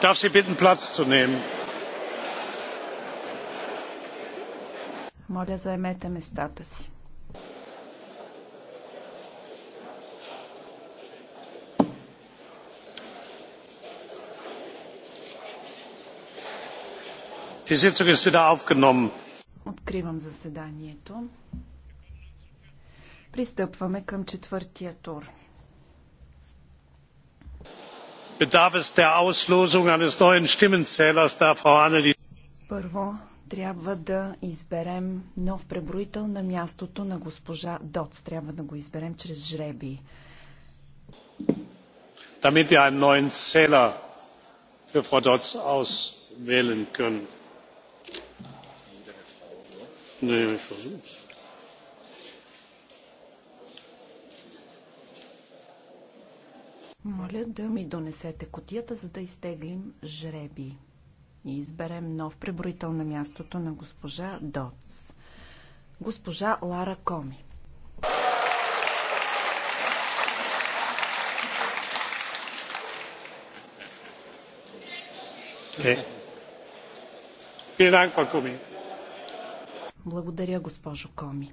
darf sie bitten platz zu nehmen. Моля, заемете местата си. Die Sitzung ist wieder aufgenommen. Откривам заседанието. Пристъпваме към четвъртия тур. bedarf es der Auslosung eines neuen Stimmenzählers, da Frau Annelie. Първо трябва да изберем нов преброител на мястото на госпожа Доц. Трябва да го изберем чрез жреби. Damit wir einen neuen Zähler für Frau Dotz auswählen können. Nee, ich versuch's. Моля да ми донесете котията, за да изтеглим жреби и изберем нов преброител на мястото на госпожа Доц. Госпожа Лара Коми. Благодаря, госпожо Коми.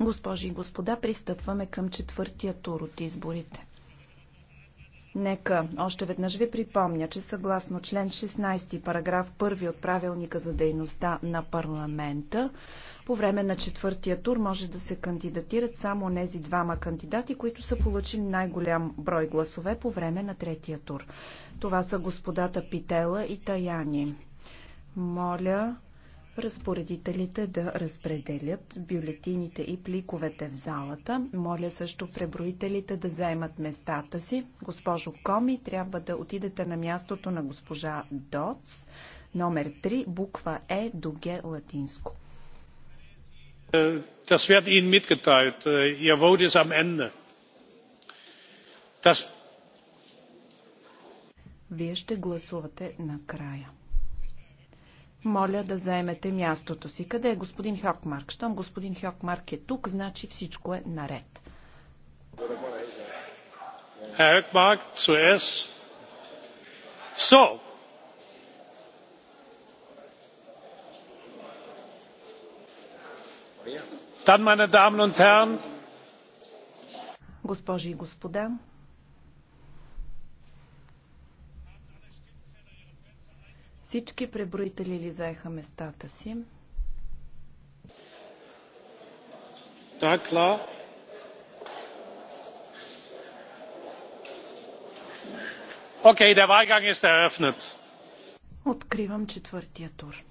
Госпожи и господа, пристъпваме към четвъртия тур от изборите. Нека още веднъж ви припомня, че съгласно член 16, параграф 1 от правилника за дейността на парламента, по време на четвъртия тур може да се кандидатират само нези двама кандидати, които са получили най-голям брой гласове по време на третия тур. Това са господата Питела и Таяни. Моля разпоредителите да разпределят бюлетините и пликовете в залата. Моля също преброителите да заемат местата си. Госпожо Коми, трябва да отидете на мястото на госпожа Доц, номер 3, буква Е до Г латинско. Das wird Ihnen mitgeteilt. Ihr Vote ist am Ende. Das... Вие ще гласувате накрая. Моля да заемете мястото си. Къде е господин Хьокмарк? Щом господин Хьокмарк е тук, значи всичко е наред. Хьокмарк, zuerst. Со! Dann, meine Damen und Herren, Госпожи и господа, Всички преброители ли заеха местата си? Да, клар. Окей, okay, der Wahlgang ist eröffnet. Откривам четвъртия тур.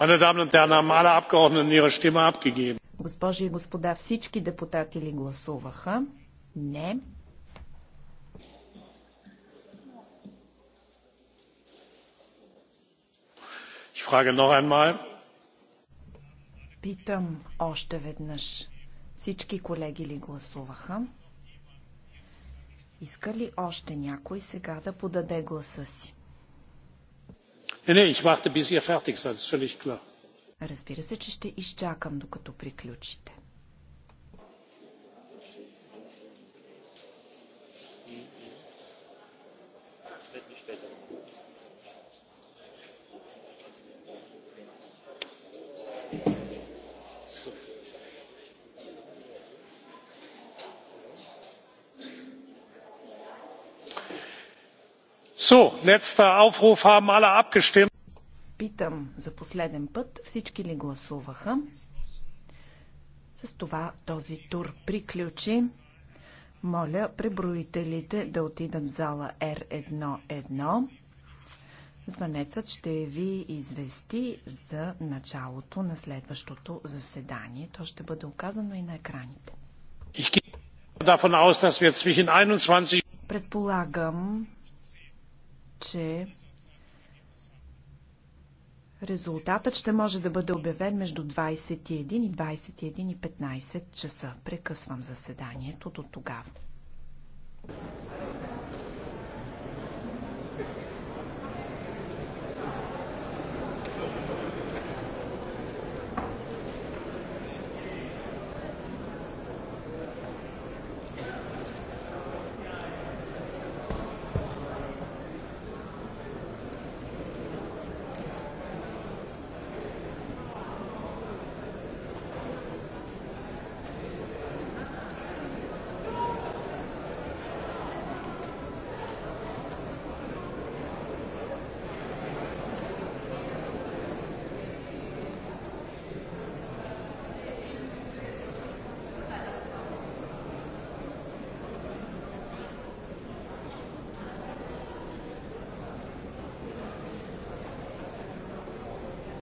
Meine Damen und Herren, haben alle Abgeordneten ihre Stimme abgegeben? Госпожи и господа, всички депутати ли гласуваха? Не. Ich frage noch einmal. Питам още веднъж. Всички колеги ли гласуваха? Иска ли още някой сега да подаде гласа си? Не, не, ich warte, bis ihr fertig seid, ist völlig klar. Разбира се, че ще изчакам, докато приключите. So, letzter Aufruf haben alle abgestimmt. Питам за последен път, всички ли гласуваха? С това този тур приключи. Моля преброителите да отидат в зала R1-1. Звънецът ще ви извести за началото на следващото заседание. То ще бъде оказано и на екраните. Предполагам, че резултатът ще може да бъде обявен между 21 и 21 и 15 часа. Прекъсвам заседанието до тогава.